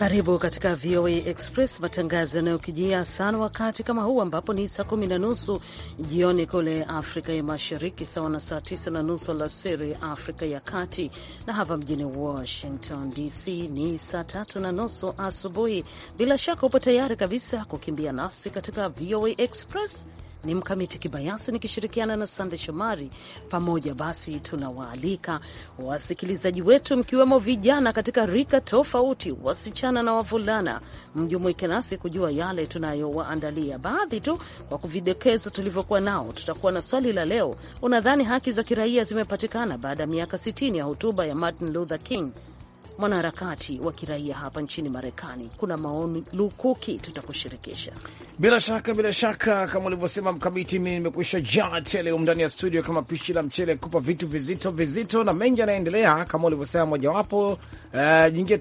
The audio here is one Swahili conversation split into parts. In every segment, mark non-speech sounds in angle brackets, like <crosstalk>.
Karibu katika VOA Express, matangazo yanayokijia sana wakati kama huu ambapo ni saa kumi na nusu jioni kule Afrika ya Mashariki, sawa na saa tisa na nusu alasiri Afrika ya Kati, na hapa mjini Washington DC ni saa tatu na nusu asubuhi. Bila shaka upo tayari kabisa kukimbia nasi katika VOA Express ni Mkamiti Kibayasi nikishirikiana na Sande Shomari. Pamoja basi, tunawaalika wasikilizaji wetu, mkiwemo vijana katika rika tofauti, wasichana na wavulana, mjumuike nasi kujua yale tunayowaandalia. Baadhi tu kwa kuvidokezo tulivyokuwa nao, tutakuwa na swali la leo: unadhani haki za kiraia zimepatikana baada ya miaka 60 ya hotuba ya Martin Luther King mwanaharakati wa kiraia hapa nchini Marekani. Kuna maoni lukuki, tutakushirikisha bila shaka. Bila shaka kama ulivyosema Mkamiti, mi nimekwisha jaa tele ndani ya studio kama pishi la mchele, kupa vitu vizito vizito na mengi yanaendelea kama ulivyosema. Mojawapo uh, eh, jingine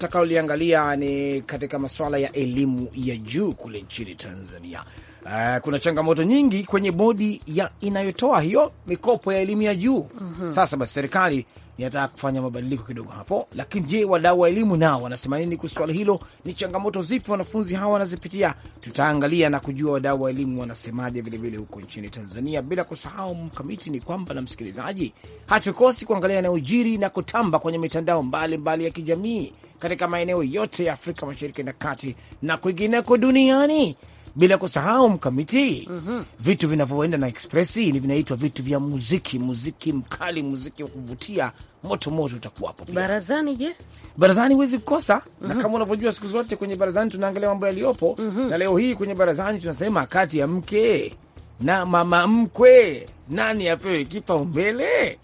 ni katika masuala ya elimu ya juu kule nchini Tanzania. Uh, kuna changamoto nyingi kwenye bodi ya inayotoa hiyo mikopo ya elimu ya juu mm -hmm. Sasa basi serikali inataka kufanya mabadiliko kidogo hapo. Lakini je, wadau wa elimu nao wanasema nini kuhusu swala hilo? Ni changamoto zipi wanafunzi hawa wanazipitia? Tutaangalia na kujua wadau wa elimu wanasemaje vilevile huko nchini Tanzania, bila kusahau mkamiti ni kwamba na msikilizaji, hatukosi kuangalia yanayojiri na kutamba kwenye mitandao mbalimbali mbali ya kijamii katika maeneo yote ya Afrika Mashariki na Kati na kwingineko duniani bila kusahau mkamiti mm -hmm. vitu vinavyoenda na expressi ni vinaitwa vitu vya muziki, muziki mkali, muziki wa kuvutia, moto moto utakuwapo barazani. Je, barazani huwezi kukosa mm -hmm. na mhm. kama unavyojua siku zote kwenye barazani tunaangalia mambo yaliyopo mm -hmm. na leo hii kwenye barazani tunasema kati ya mke na mama mkwe nani apewe kipaumbele?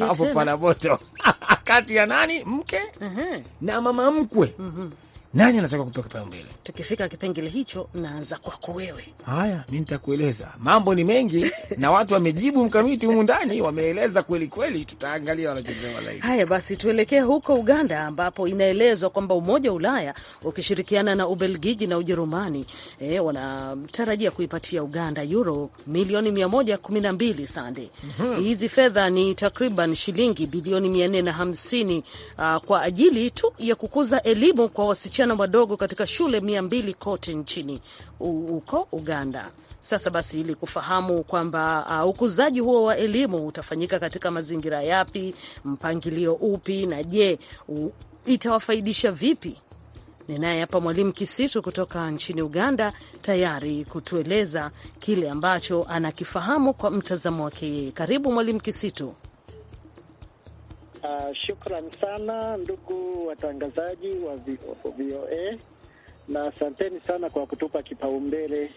Hapo pana moto <laughs> kati ya nani mke uh -huh. na mama mkwe uh mhm. -huh nani anataka kupewa kipaumbele? Tukifika kipengele hicho, naanza kwako wewe. Haya, mi nitakueleza, mambo ni mengi <laughs> na watu wamejibu mkamiti humu ndani, wameeleza kweli kweli, tutaangalia wanachosema zaidi. Haya basi, tuelekee huko Uganda ambapo inaelezwa kwamba Umoja wa Ulaya ukishirikiana na Ubelgiji na Ujerumani e, wanatarajia kuipatia Uganda euro milioni 112 sande. mm -hmm. Hizi fedha ni takriban shilingi bilioni 450 uh, ah, kwa ajili tu ya kukuza elimu kwa wasi wasichana wadogo katika shule mia mbili kote nchini huko Uganda. Sasa basi, ili kufahamu kwamba uh, ukuzaji huo wa elimu utafanyika katika mazingira yapi, mpangilio upi, na je, itawafaidisha vipi? Ninaye hapa Mwalimu Kisitu kutoka nchini Uganda, tayari kutueleza kile ambacho anakifahamu kwa mtazamo wake yeye. Karibu Mwalimu Kisitu. Uh, shukran sana ndugu watangazaji wa VOA na asanteni sana kwa kutupa kipaumbele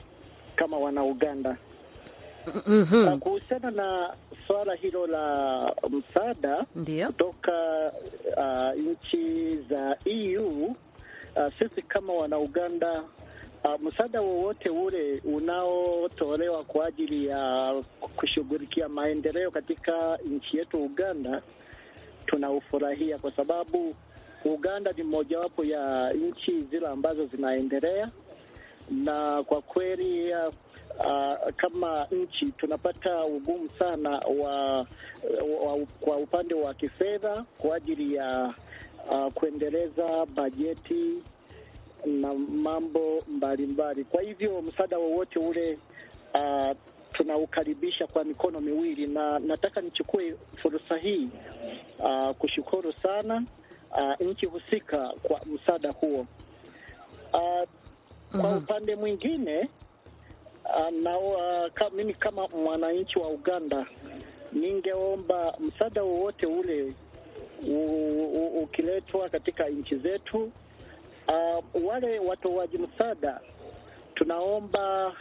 kama wana Uganda. Mm -hmm. Kuhusiana na swala hilo la msaada kutoka uh, nchi za EU uh, sisi kama wana Uganda uh, msaada wowote ule unaotolewa kwa ajili ya kushughulikia maendeleo katika nchi yetu Uganda tunaufurahia kwa sababu Uganda ni mojawapo ya nchi zile ambazo zinaendelea, na kwa kweli uh, kama nchi tunapata ugumu sana wa, wa, wa, kwa upande wa kifedha kwa ajili ya uh, kuendeleza bajeti na mambo mbalimbali mbali. Kwa hivyo msaada wowote ule uh, tunaukaribisha kwa mikono miwili, na nataka nichukue fursa hii uh, kushukuru sana uh, nchi husika kwa msaada huo. Uh, kwa mhm. upande mwingine uh, na uh, ka, mimi kama mwananchi wa Uganda ningeomba msaada wowote ule ukiletwa katika nchi zetu, uh, wale watoaji msaada tunaomba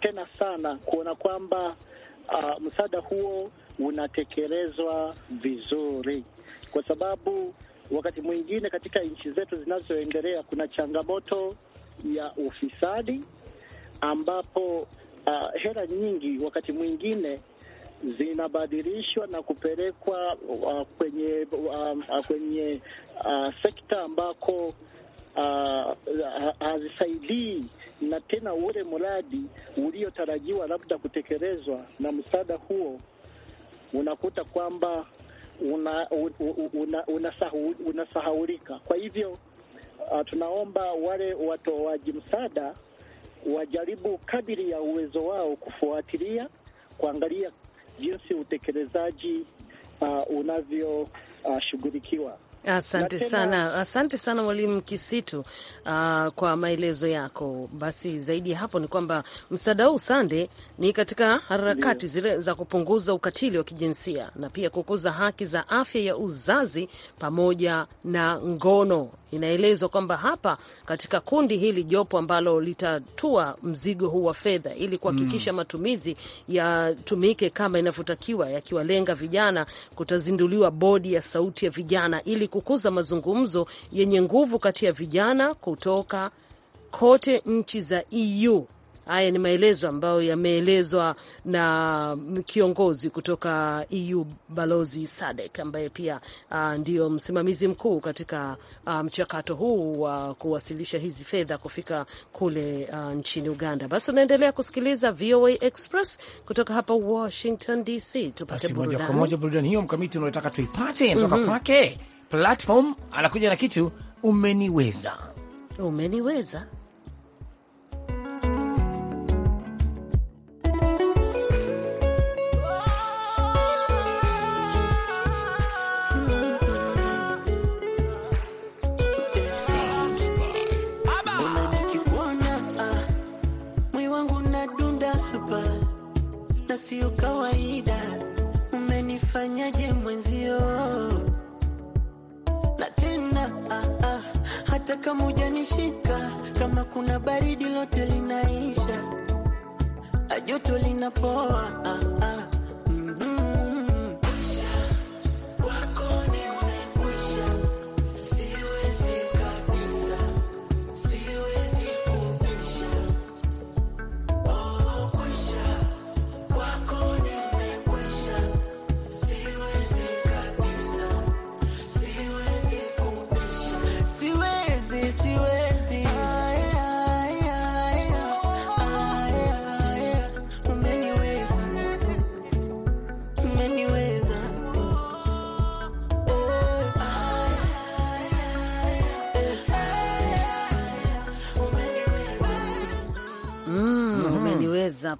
tena sana kuona kwamba uh, msaada huo unatekelezwa vizuri, kwa sababu wakati mwingine katika nchi zetu zinazoendelea kuna changamoto ya ufisadi ambapo uh, hela nyingi wakati mwingine zinabadilishwa na kupelekwa uh, kwenye uh, kwenye uh, sekta ambako uh, hazisaidii na tena ule mradi uliotarajiwa labda kutekelezwa na msaada huo unakuta kwamba una, una, una sahu, kwa hivyo uh, tunaomba wale watoaji msaada wajaribu kadiri ya uwezo wao kufuatilia, kuangalia jinsi utekelezaji uh, unavyoshughulikiwa. Uh, Asante sana, asante sana Mwalimu Kisitu uh, ah, kwa maelezo yako. Basi zaidi ya hapo ni kwamba msaada huu Sande ni katika harakati zile za kupunguza ukatili wa kijinsia na pia kukuza haki za afya ya uzazi pamoja na ngono. Inaelezwa kwamba hapa katika kundi hili jopo ambalo litatua mzigo huu wa fedha ili kuhakikisha mm, matumizi yatumike kama inavyotakiwa, yakiwalenga vijana, kutazinduliwa bodi ya sauti ya vijana ili kukuza mazungumzo yenye nguvu kati ya vijana kutoka kote nchi za EU. Haya ni maelezo ambayo yameelezwa na kiongozi kutoka EU balozi Sadek ambaye pia uh, ah, ndiyo msimamizi mkuu katika ah, mchakato um, huu wa uh, kuwasilisha hizi fedha kufika kule uh, nchini Uganda. Basi unaendelea kusikiliza VOA Express kutoka hapa Washington DC. Tupate moja kwa moja burudani hiyo mkamiti unaotaka tuipate kutoka mm -hmm platform anakuja na kitu umeniweza, umeniweza kama ujanishika, kama kuna baridi lote linaisha, ajoto linapoa ah, ah.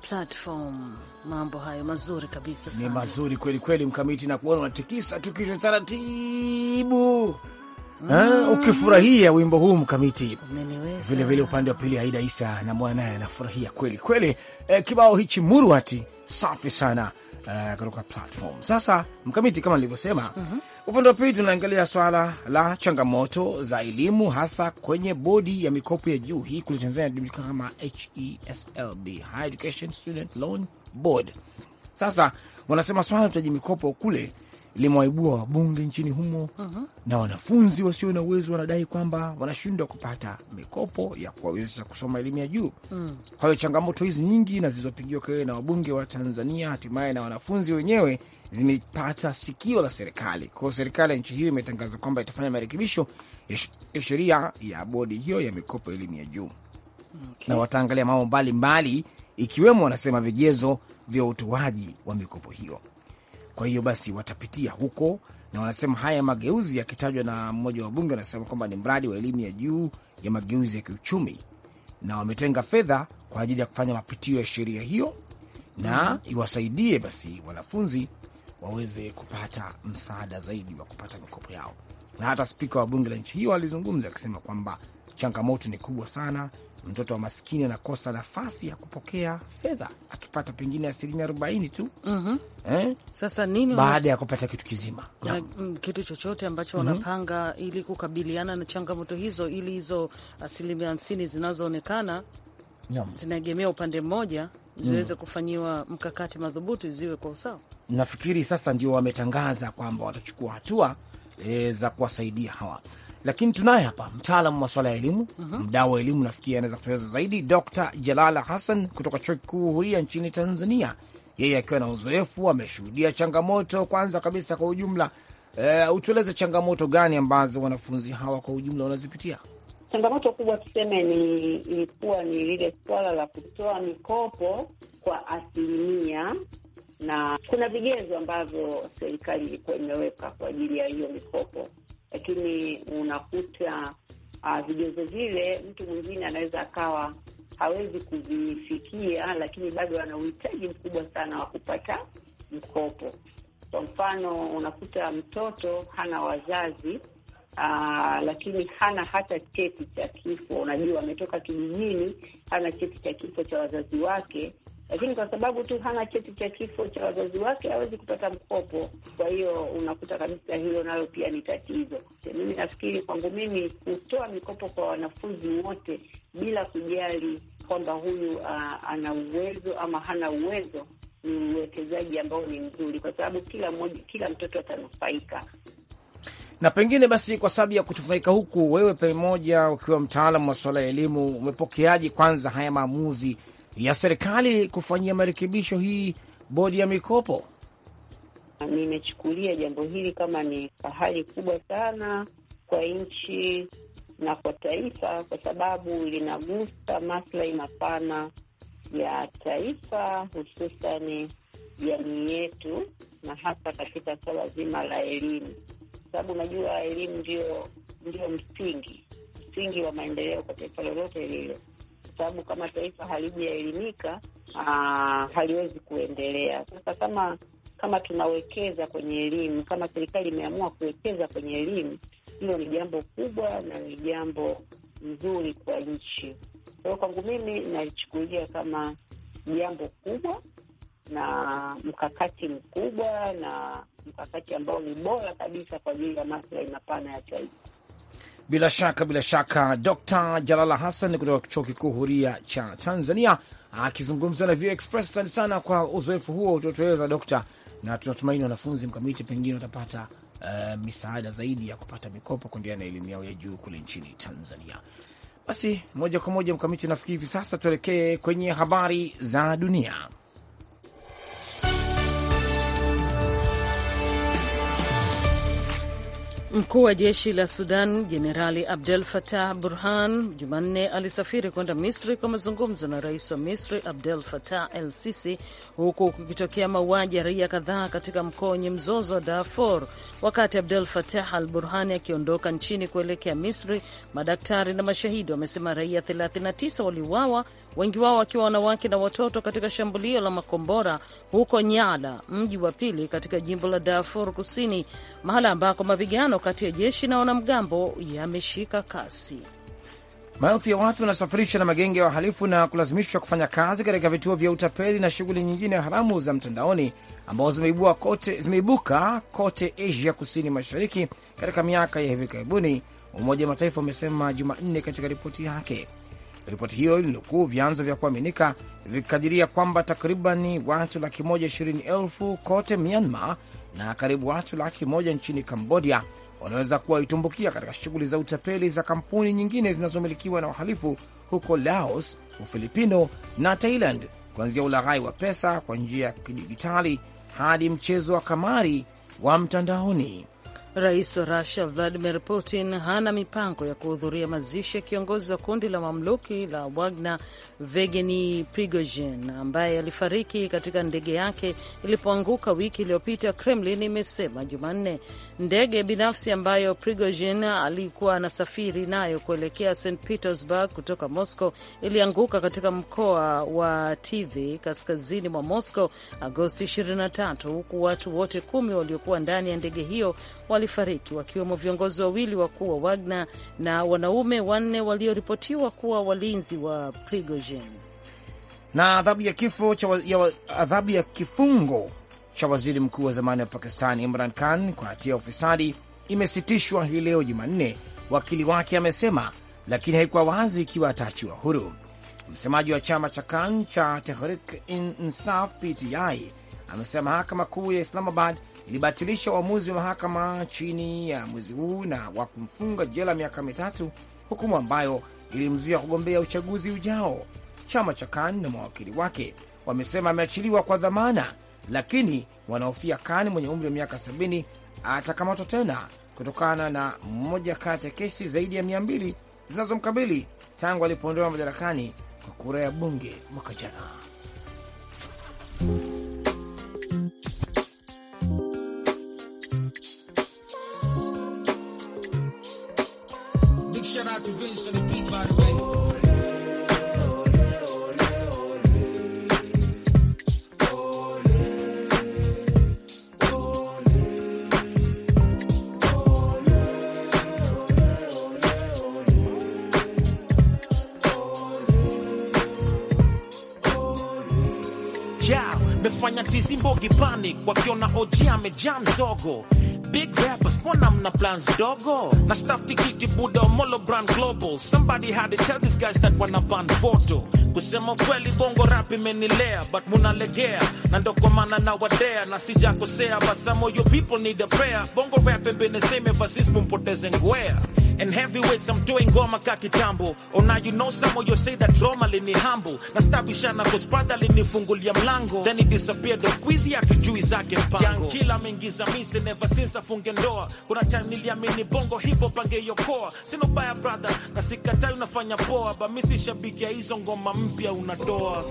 platform. Mambo hayo mazuri kabisa sana. Ni mazuri kweli kweli, Mkamiti, na kuona unatikisa tu kichwa taratibu mm. Ha, ukifurahia wimbo huu Mkamiti, vile vile upande wa pili Aida Isa na mwanaye anafurahia kweli kweli. Eh, kibao hichi murwati safi sana eh, kutoka platform. Sasa Mkamiti, kama nilivyosema mm -hmm. Upande wa pili tunaangalia swala la changamoto za elimu hasa kwenye bodi ya mikopo ya juu hii kule Tanzania inajulikana kama HESLB, High Education Student Loan Board. Sasa wanasema swala la utaji mikopo kule limewaibua wabunge nchini humo uh mhm. -huh. na wanafunzi wasio na uwezo wanadai kwamba wanashindwa kupata mikopo ya kuwawezesha kusoma elimu ya juu mm. Kwa hiyo changamoto hizi nyingi na zilizopigiwa kelele na wabunge wa Tanzania hatimaye na wanafunzi wenyewe zimepata sikio la serikali. Kwa hiyo serikali ya nchi hiyo imetangaza kwamba itafanya marekebisho ya sheria ya bodi hiyo ya mikopo ya elimu ya juu okay. na wataangalia mambo mbalimbali ikiwemo, wanasema vigezo vya utoaji wa mikopo hiyo. Kwa hiyo basi watapitia huko, na wanasema haya mageuzi yakitajwa na mmoja wa bunge, anasema kwamba ni mradi wa elimu ya juu ya mageuzi ya kiuchumi, na wametenga fedha kwa ajili ya kufanya mapitio ya sheria hiyo na iwasaidie basi wanafunzi waweze kupata msaada zaidi wa kupata mikopo yao. Na hata spika wa bunge la nchi hiyo alizungumza akisema kwamba Changamoto ni kubwa sana. Mtoto wa maskini anakosa nafasi ya kupokea fedha akipata pengine asilimia arobaini tu. mm -hmm. Eh? Sasa nini baada ya kupata kitu kizima na, mm, kitu chochote ambacho mm -hmm. wanapanga ili kukabiliana na changamoto hizo, ili hizo asilimia hamsini zinazoonekana zinaegemea upande mmoja ziweze mm. kufanyiwa mkakati madhubuti ziwe kwa usawa. Nafikiri sasa ndio wametangaza kwamba watachukua hatua e, za kuwasaidia hawa lakini tunaye hapa mtaalamu wa swala ya elimu, mdau wa elimu, nafikiri anaweza kutueleza zaidi, Dr. Jalala Hassan kutoka Chuo Kikuu Huria nchini Tanzania, yeye akiwa na uzoefu, ameshuhudia changamoto. Kwanza kabisa kwa ujumla, uh, utueleze changamoto gani ambazo wanafunzi hawa kwa ujumla wanazipitia? Changamoto kubwa tuseme ni ilikuwa ni lile swala la kutoa mikopo kwa asilimia, na kuna vigezo ambavyo serikali ilikuwa imeweka kwa ajili ya hiyo mikopo lakini unakuta uh, vigezo vile mtu mwingine anaweza akawa hawezi kuvifikia, lakini bado ana uhitaji mkubwa sana wa kupata mkopo. Kwa mfano, unakuta mtoto hana wazazi uh, lakini hana hata cheti cha kifo. Unajua, ametoka kijijini, hana cheti cha kifo cha wazazi wake, lakini kwa sababu tu hana cheti cha kifo cha wazazi wake hawezi kupata mkopo. Kwa hiyo unakuta kabisa hilo nalo pia ni tatizo. Mimi nafikiri kwangu mimi kutoa mikopo kwa wanafunzi wote bila kujali kwamba huyu uh, ana uwezo ama hana uwezo ni uwekezaji ambao ni mzuri, kwa sababu kila mmoja, kila mtoto atanufaika na pengine basi, kwa sababu ya kutufaika huku, wewe pamoja, ukiwa mtaalamu wa swala ya elimu, umepokeaje kwanza haya maamuzi ya serikali kufanyia marekebisho hii bodi ya mikopo? Nimechukulia jambo hili kama ni fahari kubwa sana kwa nchi na kwa taifa, kwa sababu linagusa maslahi mapana ya taifa, hususani jamii yetu, na hasa katika suala zima la elimu, kwa sababu unajua elimu ndio ndio msingi msingi wa maendeleo kwa taifa lolote lile sababu kama taifa halijaelimika ah, haliwezi kuendelea. Sasa kama kama tunawekeza kwenye elimu, kama serikali imeamua kuwekeza kwenye elimu, hilo ni jambo kubwa na ni jambo nzuri kwa nchi. Kwa hiyo kwangu mimi nalichukulia kama jambo kubwa na mkakati mkubwa na mkakati ambao ni bora kabisa kwa ajili ya maslahi mapana ya taifa. Bila shaka bila shaka, Dr Jalala Hassan kutoka chuo kikuu huria cha Tanzania akizungumza na VOA Express. Asante sana kwa uzoefu huo utotueleza Dokta, na tunatumaini wanafunzi mkamiti pengine watapata uh, misaada zaidi ya kupata mikopo kuendelea na elimu yao ya juu kule nchini Tanzania. Basi moja kwa moja mkamiti, nafikiri hivi sasa tuelekee kwenye habari za dunia. Mkuu wa jeshi la Sudan Jenerali Abdel Fattah Burhan Jumanne alisafiri kwenda Misri kwa mazungumzo na rais wa Misri Abdel Fattah El Sisi, huku kukitokea mauaji ya raia kadhaa katika mkoa wenye mzozo wa Darfur. Wakati Abdel Fattah Al burhani akiondoka nchini kuelekea Misri, madaktari na mashahidi wamesema raia 39 waliuawa, wengi wao wakiwa wanawake na watoto katika shambulio la makombora huko Nyala, mji wa pili katika jimbo la Darfur Kusini, mahala ambako mapigano kati ya jeshi na wanamgambo yameshika kasi. Maelfu ya watu wanasafirishwa na magenge ya wa wahalifu na kulazimishwa kufanya kazi katika vituo vya utapeli na shughuli nyingine haramu za mtandaoni ambazo zimeibuka kote Asia kusini mashariki katika miaka ya hivi karibuni, Umoja wa Mataifa umesema Jumanne katika ripoti yake. Ripoti hiyo ilinukuu vyanzo vya kuaminika vikikadiria kwamba takribani watu laki moja ishirini elfu kote Myanmar na karibu watu laki moja nchini Kambodia wanaweza kuwa waitumbukia katika shughuli za utapeli za kampuni nyingine zinazomilikiwa na wahalifu huko Laos, Ufilipino na Thailand, kuanzia ulaghai wa pesa kwa njia ya kidijitali hadi mchezo wa kamari wa mtandaoni. Rais wa Rusia Vladimir Putin hana mipango ya kuhudhuria mazishi ya kiongozi wa kundi la mamluki la Wagner vegeni prigojen ambaye alifariki katika ndege yake ilipoanguka wiki iliyopita, Kremlin imesema Jumanne. Ndege binafsi ambayo prigojen alikuwa anasafiri nayo kuelekea St Petersburg kutoka Moscow ilianguka katika mkoa wa tv kaskazini mwa Moscow Agosti 23 huku watu wote kumi waliokuwa ndani ya ndege hiyo walifariki wakiwemo viongozi wawili wakuu wa Wagner na wanaume wanne walioripotiwa kuwa walinzi wa Prigozhin. Na adhabu ya kifo cha ya, adhabu ya kifungo cha waziri mkuu wa zamani wa Pakistani Imran Khan kwa hatia ya ufisadi imesitishwa hii leo Jumanne, wakili wake amesema, lakini haikuwa wazi ikiwa ataachiwa huru. Msemaji wa chama cha Khan cha tehrik insaf PTI amesema mahakama kuu ya Islamabad ilibatilisha uamuzi wa mahakama chini ya mwezi huu na wa kumfunga jela miaka mitatu, hukumu ambayo ilimzuia kugombea uchaguzi ujao. Chama cha Khan na mawakili wake wamesema ameachiliwa kwa dhamana, lakini wanahofia Khan mwenye umri wa miaka 70 atakamatwa tena kutokana na mmoja kati ya kesi zaidi ya 20 zinazomkabili tangu alipoondolewa madarakani kwa kura ya bunge mwaka jana. Fogi panic wakiona OG amejam zogo Big rappers mbona mna plans dogo na staff tikiki buda omolo brand global somebody had to tell these guys that wana band photo kusema kweli bongo rap imenilea but legea na ndoko mana na wadea na sijakosea basamo yo people need a prayer bongo rap imeneseme basismu mpoteze ngwea and heavyweights I'm doing ngoma ka kitambo ona you know some of you say that drama lini humble na stabishana cause brother linifungulia mlango then he disappeared the squeeze hatujui zake mpango kila ameingiza mise never since afunge ndoa kuna time niliamini bongo hipo pangeyokoa sino baya brother na sikatai unafanya poa ba mimi si shabiki ya hizo ngoma mpya unatoa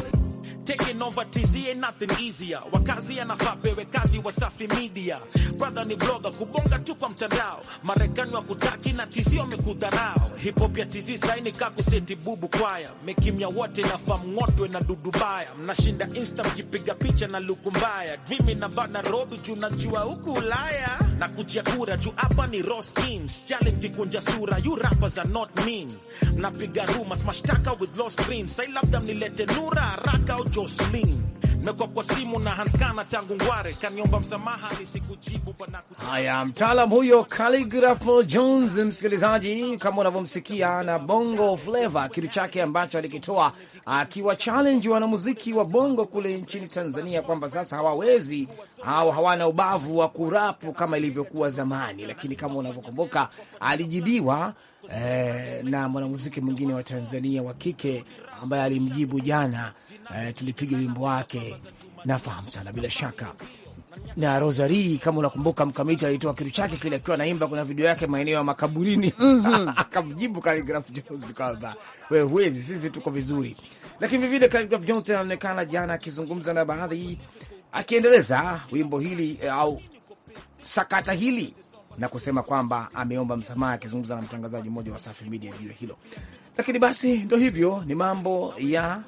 taking over TZ ain't nothing easier. Wakazi anafaa pewe kazi, Wasafi Media brother ni blogger kubonga tu kwa mtandao. Marekani wa kutaki na TZ wamekudharau. Hip hop ya TZ saini kaku seti bubu kwaya mekimya wote na famu ng'otwe na dudubaya mnashinda insta mkipiga picha na luku mbaya dreami na bana robi juu najua huku Ulaya na kutia kura juu hapa ni raw schemes challenge kikunja sura you rappers are not mean mnapiga rumors mashtaka with lost dreams sai labda mnilete nura haraka Mtao Jocelyn na kwa kwa simu na Hanskana tangu Ngware kaniomba msamaha nisikujibu bwana. Haya, mtaalam huyo Calligraph Jones, msikilizaji, kama unavyomsikia na Bongo Flava, kitu chake ambacho alikitoa akiwa challenge wanamuziki wa bongo kule nchini Tanzania kwamba sasa hawawezi au hawana ubavu wa kurapu kama ilivyokuwa zamani, lakini kama unavyokumbuka alijibiwa eh, na mwanamuziki mwingine wa Tanzania wa kike ambaye alimjibu jana eh, tulipiga wimbo wake nafahamu sana bila shaka na Rosari kama unakumbuka, mkamiti alitoa kitu chake kile akiwa naimba, kuna video yake maeneo ya makaburini mhm. <laughs> akamjibu Khaligraph Jones kwamba we huwezi, sisi tuko vizuri. Lakini vivile Khaligraph Jones anaonekana jana akizungumza na baadhi, akiendeleza wimbo hili eh, au sakata hili na kusema kwamba ameomba msamaha, akizungumza na mtangazaji mmoja wa Safi Media juu ya hilo. Lakini basi ndo hivyo, ni mambo ya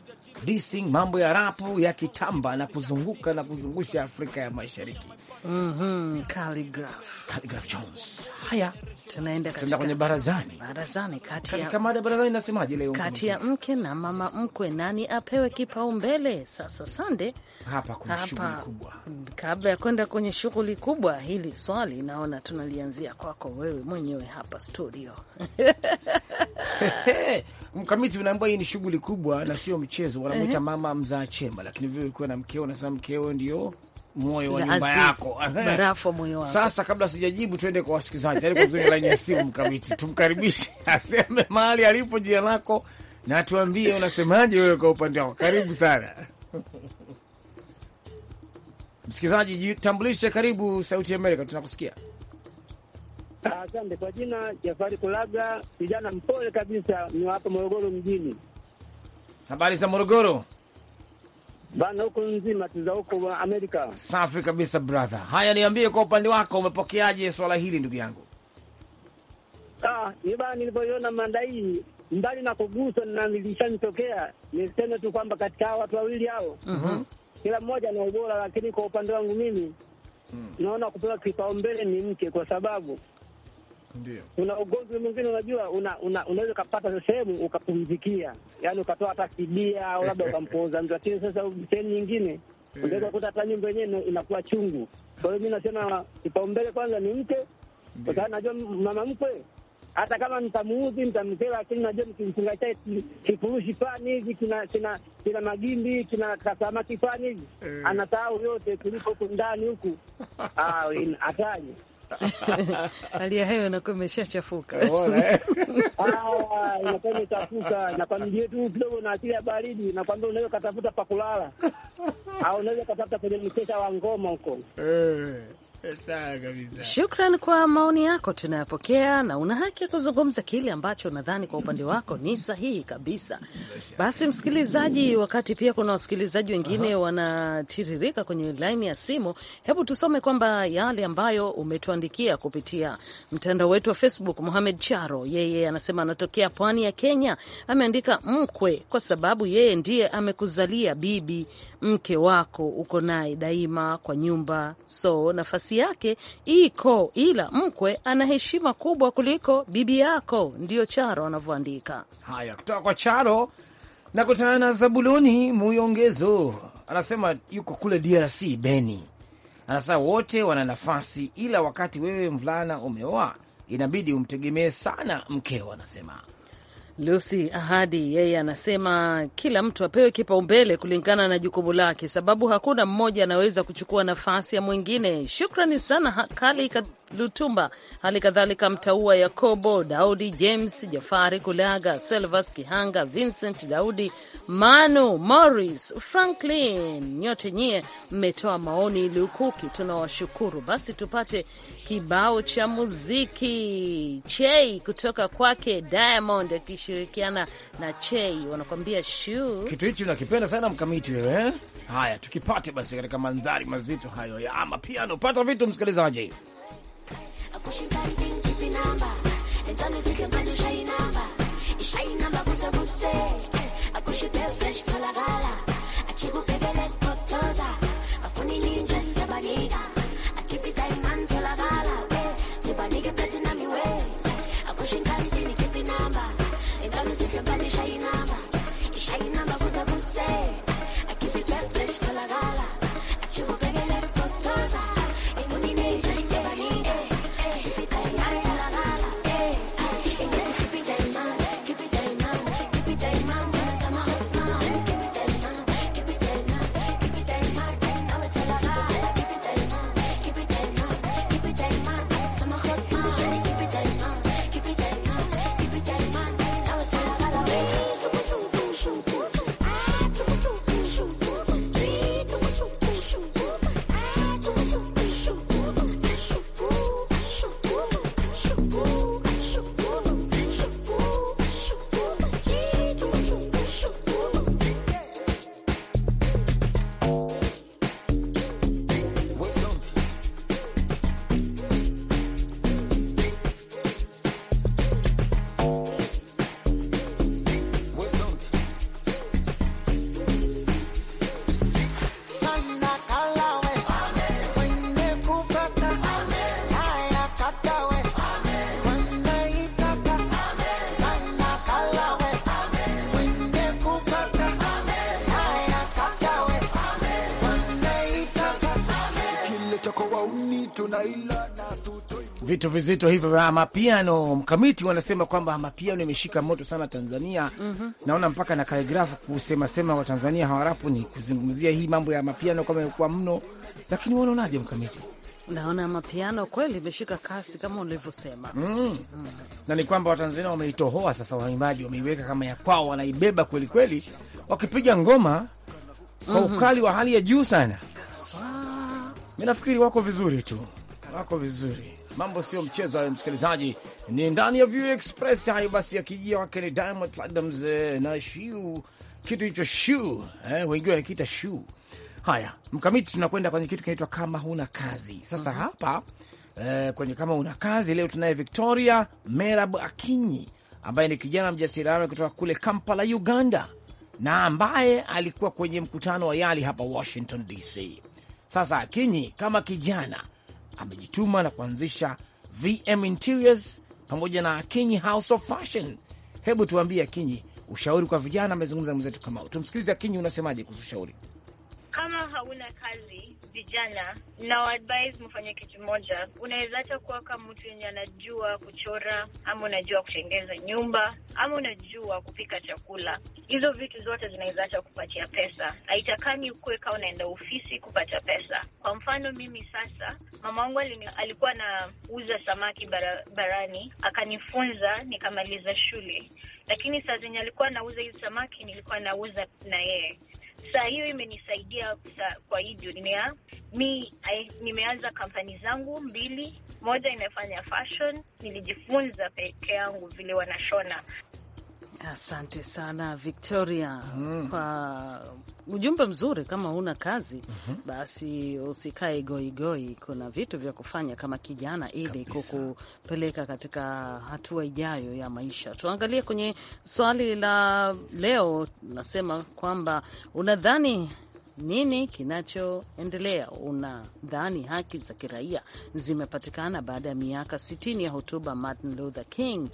dising mambo ya rapu ya kitamba na kuzunguka na kuzungusha Afrika ya Mashariki. mm -hmm. Calligraph. Calligraph Jones. Haya, tunaenda katika kwenye barazani. Barazani kati ya kama ada barazani nasemaje leo? Kati ya mke na mama mkwe, nani apewe kipaumbele? Sasa sande hapa, kuna shughuli kubwa. Kabla ya kwenda kwenye shughuli kubwa, hili swali naona tunalianzia kwako wewe mwenyewe hapa studio Mkamiti, unaambia hii ni shughuli kubwa na sio mchezo. Wanamwita mama mzaa chema, lakini vile ulikuwa na mkeo, unasema mkeo ndio moyo wa nyumba yako. <laughs> Barafu moyo wako. Sasa kabla sijajibu, twende kwa wasikilizaji tayari kwa laini ya simu mkamiti, tumkaribishe <laughs> aseme mahali alipo, jina lako na tuambie unasemaje wewe kwa upande wako. Karibu sana msikilizaji, jitambulishe. Karibu Sauti ya Amerika, tunakusikia. Asante kwa jina Jafari Kulaga, kijana mpole kabisa, ni hapa Morogoro mjini. Habari za Morogoro? bana huko nzima tuza huko Amerika. Safi kabisa brother. Haya, niambie kwa upande wako umepokeaje swala hili ndugu yangu? Ah, ni bana nilipoiona mada hii mbali na kuguswa na nilishanitokea, niseme tu kwamba katika watu wawili hao mm -hmm. kila mmoja ana ubora, lakini kwa upande wangu mimi mm. naona kupewa kipaumbele ni mke, kwa sababu Ndiyo. Kuna ugonjwa mwingine unajua una, una, unaweza ukapata sehemu ukapumzikia, yaani ukatoa hata kibia au labda <laughs> ukampooza mtu, lakini sasa sehemu nyingine eh. unaweza kukuta hata nyumba yenyewe inakuwa chungu. Kwa hiyo mi nasema kipaumbele kwanza ni mke, kwa sababu najua mama mkwe hata kama nitamuudhi nitamkela, lakini najua mkimfunga chai kifurushi fani hivi kina kina kina magimbi kina kasamaki fani hivi, eh. anasahau yote kuliko huku ndani huku <laughs> ah, hatari. <laughs> hali ya hewa inakuwa imeshachafuka, eh? <laughs> ah, inakuwa imechafuka, inakuwa mji wetu kidogo na asili ya baridi, nakwambia unaweza ukatafuta pakulala <laughs> au unaweza ukatafuta kwenye mkesha wa ngoma huko eh. Shukran kwa maoni yako, tunayapokea na una haki ya kuzungumza kile ambacho nadhani kwa upande wako ni sahihi kabisa. Basi msikilizaji, wakati pia kuna wasikilizaji wengine wanatiririka kwenye laini ya simu, hebu tusome kwamba yale ambayo umetuandikia kupitia mtandao wetu wa Facebook. Muhamed Charo yeye anasema anatokea pwani ya Kenya, ameandika mkwe, kwa sababu yeye ndiye amekuzalia bibi, mke wako uko naye daima kwa nyumba, so nafasi nafsi yake iko, ila mkwe ana heshima kubwa kuliko bibi yako. Ndiyo Charo anavyoandika haya kutoka kwa Charo na kutana na Zabuloni muyongezo anasema yuko kule DRC Beni, anasema wote wana nafasi, ila wakati wewe mvulana umeoa inabidi umtegemee sana mkeo, anasema Lucy Ahadi yeye anasema kila mtu apewe kipaumbele kulingana na jukumu lake, sababu hakuna mmoja anaweza kuchukua nafasi ya mwingine. Shukrani sana Kali Lutumba, hali kadhalika Mtaua Yakobo, Daudi James, Jafari Kulaga, Selvas Kihanga, Vincent Daudi, Manu Morris, Franklin, nyote nyie mmetoa maoni lukuki, tunawashukuru. Basi tupate kibao cha muziki chei kutoka kwake Diamond wakishirikiana na Chei wanakuambia shuu. Kitu hichi nakipenda sana mkamiti wewe. Eh? Haya, tukipate basi katika mandhari mazito hayo ya ama piano. Pata vitu msikilizaji. vitu vizito hivyo vya mapiano. Mkamiti wanasema kwamba mapiano imeshika moto sana Tanzania. mm -hmm. Naona mpaka na kaligrafu kusemasema wa Tanzania hawarapu ni kuzungumzia hii mambo ya mapiano kama imekuwa mno, lakini wanaonaje Mkamiti? Naona mapiano kweli imeshika kasi kama ulivyosema. mm. mm. na ni kwamba Watanzania wameitohoa sasa, waimbaji wameiweka kama ya kwao, wanaibeba kweli kweli, wakipiga ngoma kwa mhm. ukali wa hali ya juu sana. Mimi nafikiri wako vizuri tu, wako vizuri Mambo sio mchezo hayo, msikilizaji, ni ndani ya View Express. Hayo basi akijia wake ni Diamond Platnumz eh, na Shiu, kitu hicho Shiu eh, wengine wanakiita Shiu. Haya, mkamiti, tunakwenda kwenye kitu kinaitwa kama huna kazi sasa. mm -hmm. hapa eh, kwenye kama huna kazi leo tunaye Victoria Merab Akinyi ambaye ni kijana mjasiriamali kutoka kule Kampala, Uganda, na ambaye alikuwa kwenye mkutano wa YALI hapa Washington DC. Sasa Akinyi, kama kijana amejituma na kuanzisha VM Interiors pamoja na Akinyi House of Fashion. Hebu tuambie Akinyi, ushauri kwa vijana. Amezungumza na mwenzetu Kamau, tumsikilize Akinyi, unasemaje kuhusu ushauri? kama hauna kazi, vijana na waadvise mfanye kitu moja. Unaweza hata kuwaka mtu yenye anajua kuchora ama unajua kutengeza nyumba ama unajua kupika chakula. Hizo vitu zote zinaweza hata kupatia pesa. Haitakani ukuwe kaa unaenda ofisi kupata pesa. Kwa mfano mimi sasa, mama wangu alikuwa anauza samaki barabarani, akanifunza nikamaliza shule, lakini saa zenye alikuwa anauza hizi samaki nilikuwa nauza na yeye saa hiyo imenisaidia kwa hii dunia mi nimeanza kampani zangu mbili, moja inafanya fashion, nilijifunza peke yangu vile wanashona Asante sana Victoria mm. kwa ujumbe mzuri. Kama huna kazi mm -hmm. basi usikae goigoi, kuna vitu vya kufanya kama kijana, ili kukupeleka katika hatua ijayo ya maisha. Tuangalie kwenye swali la leo, nasema kwamba unadhani nini kinachoendelea? Unadhani haki za kiraia zimepatikana baada ya miaka sitini ya hotuba Martin Luther King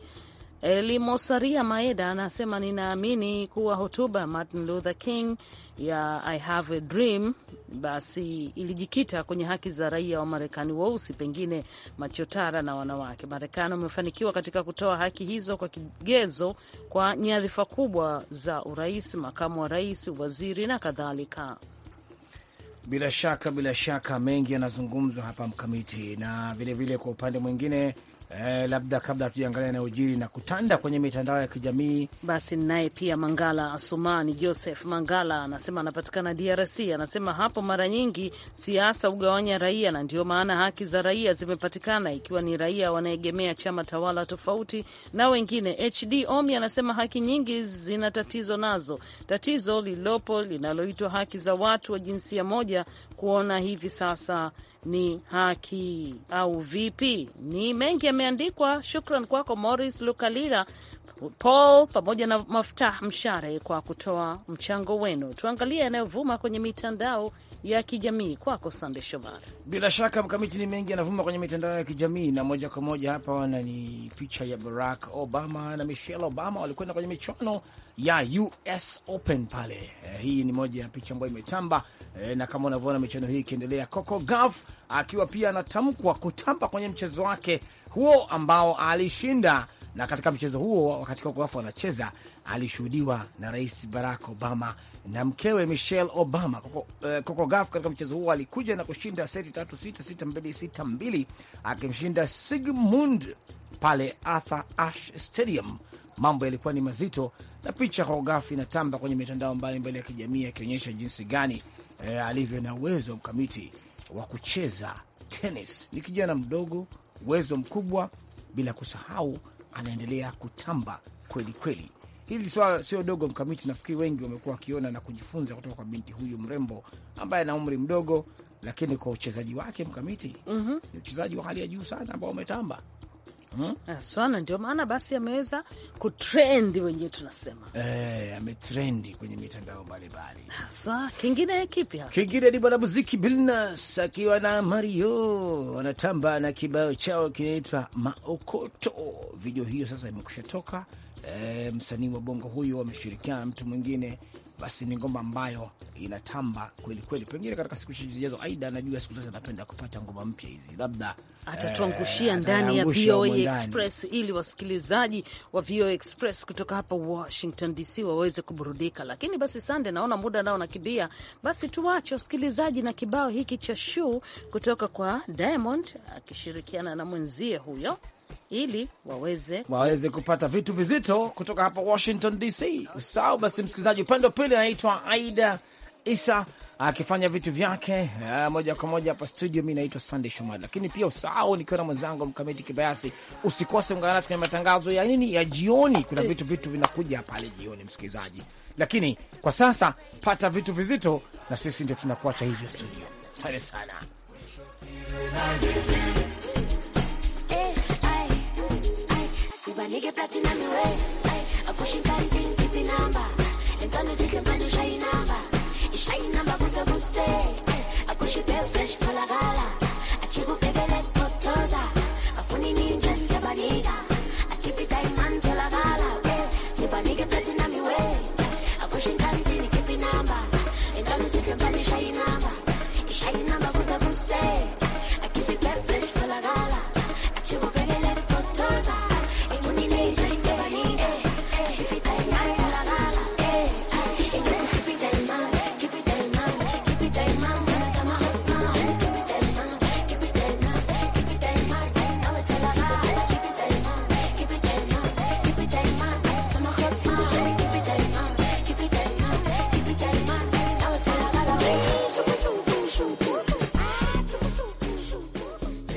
limosaria Maeda anasema ninaamini kuwa hotuba ya Martin Luther King ya I have a dream basi ilijikita kwenye haki za raia wa Marekani weusi, pengine machotara na wanawake. Marekani wamefanikiwa katika kutoa haki hizo kwa kigezo kwa nyadhifa kubwa za urais, makamu wa rais, waziri na kadhalika. Bila shaka, bila shaka mengi yanazungumzwa hapa mkamiti, na vilevile vile kwa upande mwingine Eh, labda kabla tujaangalia yanayojiri na kutanda kwenye mitandao ya kijamii basi, naye pia Mangala Asumani Joseph Mangala anasema anapatikana DRC, anasema hapo mara nyingi siasa ugawanya raia na ndio maana haki za raia zimepatikana, ikiwa ni raia wanaegemea chama tawala tofauti na wengine. HD Omi anasema haki nyingi zina tatizo, nazo tatizo lililopo linaloitwa haki za watu wa jinsia moja kuona hivi sasa ni haki au vipi? Ni mengi yameandikwa. Shukran kwako moris Lukalira, Paul pamoja na Maftah Mshare kwa kutoa mchango wenu. Tuangalie yanayovuma kwenye mitandao ya kijamii kwako, Sande Shomari. Bila shaka mkamiti ni mengi anavuma kwenye mitandao ya kijamii, na moja kwa moja hapa wana ni picha ya Barack Obama na Michelle Obama walikwenda kwenye michuano ya US Open pale. Eh, hii ni moja ya picha ambayo imetamba eh, na kama unavyoona michuano hii ikiendelea, Coco Gauff akiwa pia anatamkwa kutamba kwenye mchezo wake huo ambao alishinda na katika mchezo huo wakati Coco Gauff anacheza alishuhudiwa na Rais Barack Obama na mkewe Michelle Obama. Coco eh, Gauff katika mchezo huo alikuja na kushinda seti tatu sita sita mbili sita mbili akimshinda Sigmund pale Arthur Ashe Stadium. Mambo yalikuwa ni mazito, na picha Coco Gauff inatamba kwenye mitandao mbalimbali ya kijamii akionyesha jinsi gani e, alivyo na uwezo wa mkamiti wa kucheza tenis. Ni kijana mdogo, uwezo mkubwa, bila kusahau anaendelea kutamba kweli kweli. Hili swala sio dogo, Mkamiti. Nafikiri wengi wamekuwa wakiona na kujifunza kutoka kwa binti huyu mrembo ambaye ana umri mdogo, lakini kwa uchezaji wake Mkamiti mm -hmm. ni uchezaji wa hali ya juu sana ambao umetamba Hmm? Ah, sana ndio maana basi ameweza kutrendi, wenyewe tunasema eh, ametrendi kwenye mitandao mbalimbali. Hasa kingine kipi hasa? Kingine ni mwanamuziki Billnas akiwa na Mario wanatamba na kibao chao kinaitwa Maokoto. Video hiyo sasa imekusha toka e, msanii wa bongo huyu ameshirikiana na mtu mwingine, basi ni ngoma ambayo inatamba kweli kweli. Pengine katika siku zijazo, Aida anajua siku zote anapenda kupata ngoma mpya hizi, labda atatuangushia eh, ndani ya VOA Express ili wasikilizaji wa VOA Express kutoka hapa Washington DC waweze kuburudika. Lakini basi, Sande, naona muda nao nakimbia, basi tuwache wasikilizaji na kibao hiki cha shuu kutoka kwa Diamond akishirikiana na mwenzie huyo ili waweze waweze kupata vitu vizito kutoka hapa Washington DC. Usahau basi, msikilizaji, upande wa pili anaitwa Aida Isa akifanya vitu vyake eh, moja kwa moja hapa studio. Mi naitwa Sandey Shomari, lakini pia usahau, nikiwa na mwenzangu Mkamiti Kibayasi. Usikose, ungana nasi kwenye matangazo ya nini ya jioni. Kuna vitu vitu vinakuja pale jioni, msikilizaji, lakini kwa sasa pata vitu vizito, na sisi ndio tunakuacha hivyo studio. sana, sana. sibanike platinum way eh, eh. akusho inkari ndingiphi inamba le ntono isihle manje ishaya inamba ishaya inamba kuze kuse eh. akusho ibhefresh tholakala ajike